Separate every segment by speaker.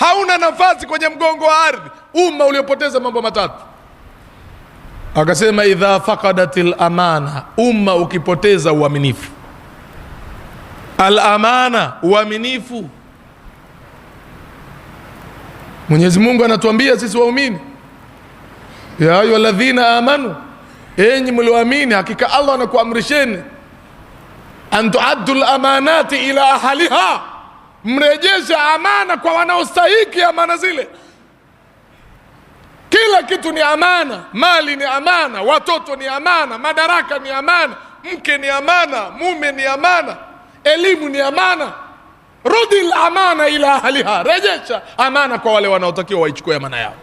Speaker 1: hauna nafasi kwenye mgongo wa ardhi, umma uliopoteza mambo matatu. Akasema idha faqadatil amana, umma ukipoteza uaminifu. Al amana, uaminifu. Mwenyezi Mungu anatuambia sisi waumini, ya ayu alladhina amanu, enyi mlioamini, hakika Allah anakuamrisheni antuaddu lamanati ila ahliha mrejeshe amana kwa wanaostahiki amana zile. Kila kitu ni amana, mali ni amana, watoto ni amana, madaraka ni amana, mke ni amana, mume ni amana, elimu ni amana. Rudi amana ila ahliha, rejesha amana kwa wale wanaotakiwa waichukue amana yao.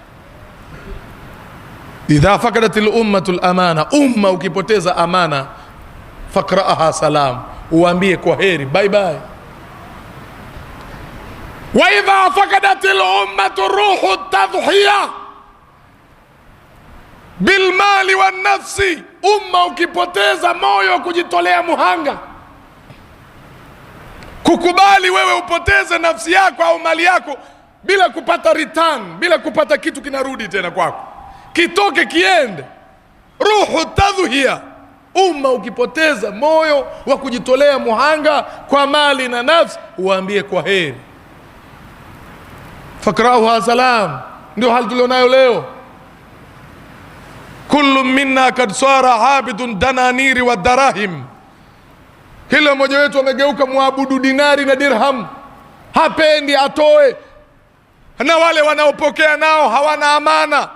Speaker 1: Idha fakadat lummatu lamana, umma ukipoteza amana, fakraaha salam, uambie kwa heri, bye bye. واذا فقدت lummat ruhu tadhhiya bilmali wa umma ukipoteza moyo wa kujitolea muhanga kukubali wewe upoteze nafsi yako au mali yako bila kupata return bila kupata kitu kinarudi tena kwako kitoke kiende ruhu tadhuhia umma ukipoteza moyo wa kujitolea muhanga kwa mali na nafsi uwaambie kwa heri fakrauha salam, ndio hali tulionayo leo. kullu minna kad sara abidun dananiri wa darahim, kila mmoja wetu amegeuka mwabudu dinari na dirham, hapendi atoe, na wale wanaopokea nao hawana amana.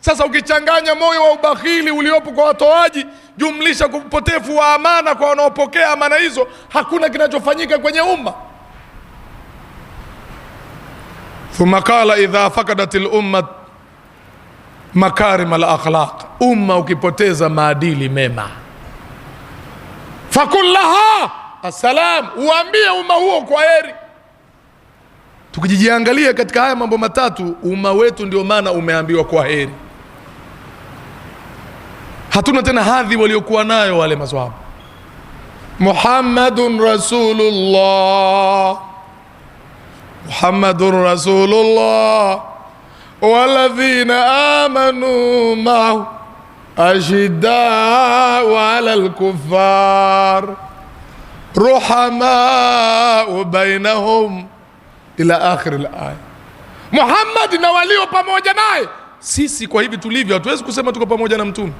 Speaker 1: Sasa ukichanganya moyo wa ubakhili uliopo kwa watoaji, jumlisha upotefu wa amana kwa wanaopokea amana hizo, hakuna kinachofanyika kwenye umma thumma qala idha fakadat lumma makarim alakhlaq, umma ukipoteza maadili mema, fakul laha assalam, uambie umma huo kwa heri. Tukijijiangalia katika haya mambo matatu, umma wetu ndio maana umeambiwa kwa heri. Hatuna tena hadhi waliokuwa nayo wale maswahaba. Muhammadun rasulullah محمد rasulullah الله والذين آمنوا معه أشداء على ruhamau رحماء بينهم إلى آخر muhammadi na walio pamoja naye sisi kwa hivi tulivyo hatuwezi kusema tuko pamoja na mtume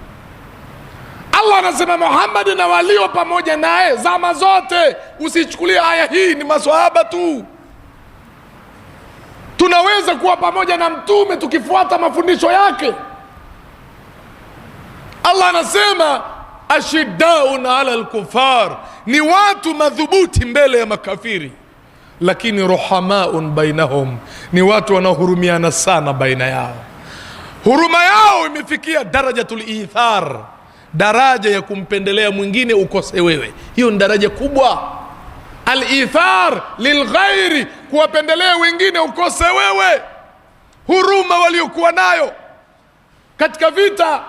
Speaker 1: Allah anasema muhammadi na walio pamoja naye zama zote usichukulie aya hii ni maswahaba tu tunaweza kuwa pamoja na mtume tukifuata mafundisho yake allah anasema ashiddaun ala lkufar ni watu madhubuti mbele ya makafiri lakini ruhamaun bainahum ni watu wanaohurumiana sana baina yao huruma yao imefikia darajatul ithar daraja ya kumpendelea mwingine ukose wewe hiyo ni daraja kubwa alithar lilghairi kuwapendelea wengine ukose wewe huruma waliokuwa nayo katika vita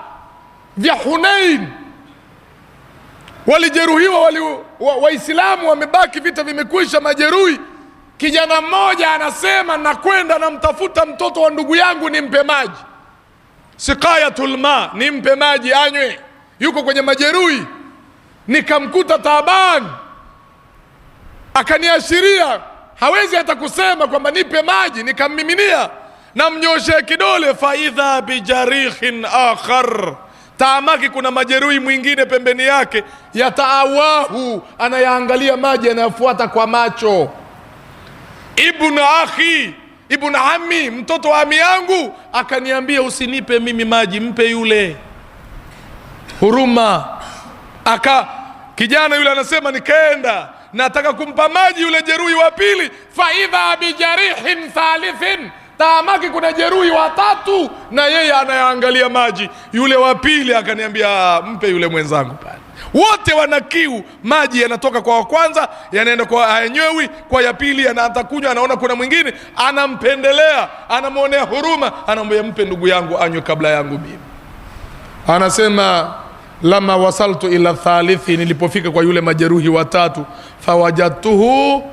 Speaker 1: vya Hunain walijeruhiwa wali, Waislamu wa wamebaki, vita vimekwisha, majeruhi. Kijana mmoja anasema nakwenda namtafuta mtoto wa ndugu yangu nimpe maji, siqayatul ma, nimpe maji anywe, yuko kwenye majeruhi. Nikamkuta taban akaniashiria hawezi hata kusema kwamba nipe maji nikammiminia, namnyoshee kidole. faidha bijarihin akhar, taamaki, kuna majeruhi mwingine pembeni yake. Yataawahu, anayaangalia maji yanayofuata kwa macho. ibn akhi ibnu ami, mtoto wa ami yangu akaniambia, usinipe mimi maji, mpe yule. Huruma aka kijana yule anasema, nikaenda nataka kumpa maji yule jeruhi wa pili, idha bijarihin thalithin, taamaki kuna jeruhi watatu na yeye anayaangalia maji. Yule wa pili akaniambia, mpe yule mwenzangu pale. Wote wana kiu, maji yanatoka kwa wa kwanza yanaenda kwa ayenyewi, kwa ya pili anaanza kunywa, anaona kuna mwingine anampendelea, anamwonea huruma, anamwambia mpe ndugu yangu anywe kabla yangu mimi. Anasema lama wasaltu ila thalithi, nilipofika kwa yule majeruhi watatu, fawajadtuhu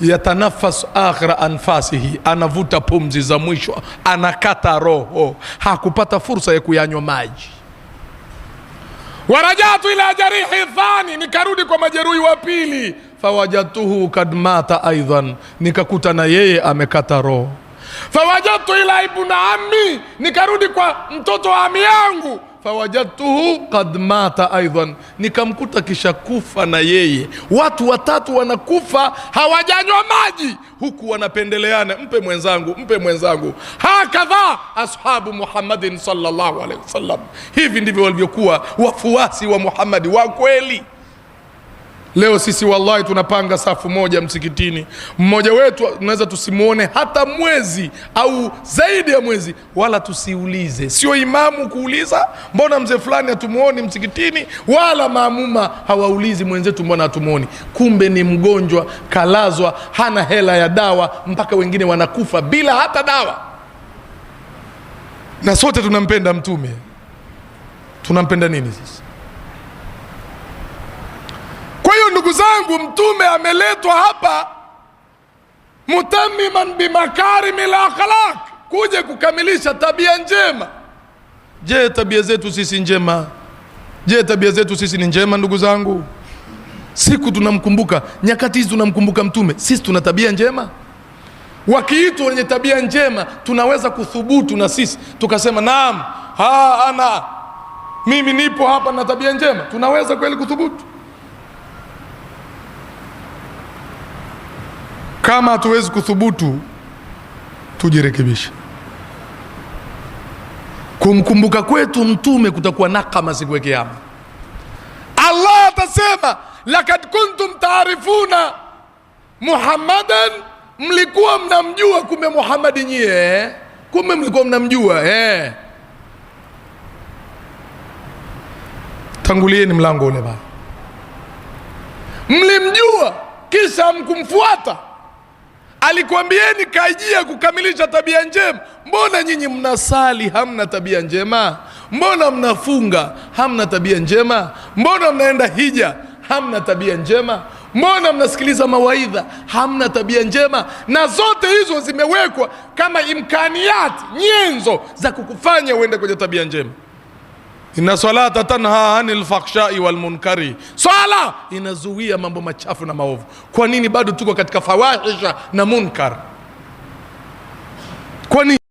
Speaker 1: yatanafas akhira anfasihi, anavuta pumzi za mwisho, anakata roho, hakupata fursa ya kuyanywa maji. Warajatu ila jarihi thani, nikarudi kwa majeruhi wa pili, fawajadtuhu kad mata aidan, nikakuta na yeye amekata roho. Fawajadtu ila ibna ammi, nikarudi kwa mtoto wa ami yangu fawajadtuhu qad mata aidan, nikamkuta kisha kufa na yeye. Watu watatu wanakufa hawajanywa maji, huku wanapendeleana, mpe mwenzangu, mpe mwenzangu. Hakadha ashabu Muhammadin sallallahu alaihi wasallam, hivi ndivyo walivyokuwa wafuasi wa Muhammadi wa kweli. Leo sisi wallahi, tunapanga safu moja msikitini, mmoja wetu tunaweza tusimuone hata mwezi au zaidi ya mwezi, wala tusiulize. Sio imamu kuuliza mbona mzee fulani hatumwoni msikitini, wala maamuma hawaulizi mwenzetu mbona hatumwoni Kumbe ni mgonjwa, kalazwa, hana hela ya dawa, mpaka wengine wanakufa bila hata dawa. Na sote tunampenda Mtume, tunampenda nini sisi? zangu, mtume ameletwa hapa mutamiman bimakarimi la akhlaq, kuja kukamilisha tabia njema. Je, tabia zetu sisi njema? Je, tabia zetu sisi ni njema? Ndugu zangu, siku tunamkumbuka, nyakati hizi tunamkumbuka mtume, sisi tuna tabia njema? Wakiitwa wenye tabia njema, tunaweza kuthubutu na sisi tukasema naam, ha, ana mimi nipo hapa na tabia njema. Tunaweza kweli kuthubutu? Kama hatuwezi kuthubutu, tujirekebishe. Kumkumbuka kwetu Mtume kutakuwa nakama siku ya Kiyama. Allah atasema lakad kuntum taarifuna Muhammadan, mlikuwa mnamjua, kumbe Muhammadi nyie, kumbe mlikuwa mnamjua eh. Tangulieni mlango ule bana, mlimjua kisha mkumfuata. Alikwambieni kajia kukamilisha tabia njema. Mbona nyinyi mnasali hamna tabia njema? Mbona mnafunga hamna tabia njema? Mbona mnaenda hija hamna tabia njema? Mbona mnasikiliza mawaidha hamna tabia njema? Na zote hizo zimewekwa kama imkaniati, nyenzo za kukufanya uende kwenye tabia njema inna salata tanha anil fakhshai wal munkari, swala inazuia mambo machafu na maovu. Kwa nini bado tuko katika fawahisha na munkar? Kwa nini?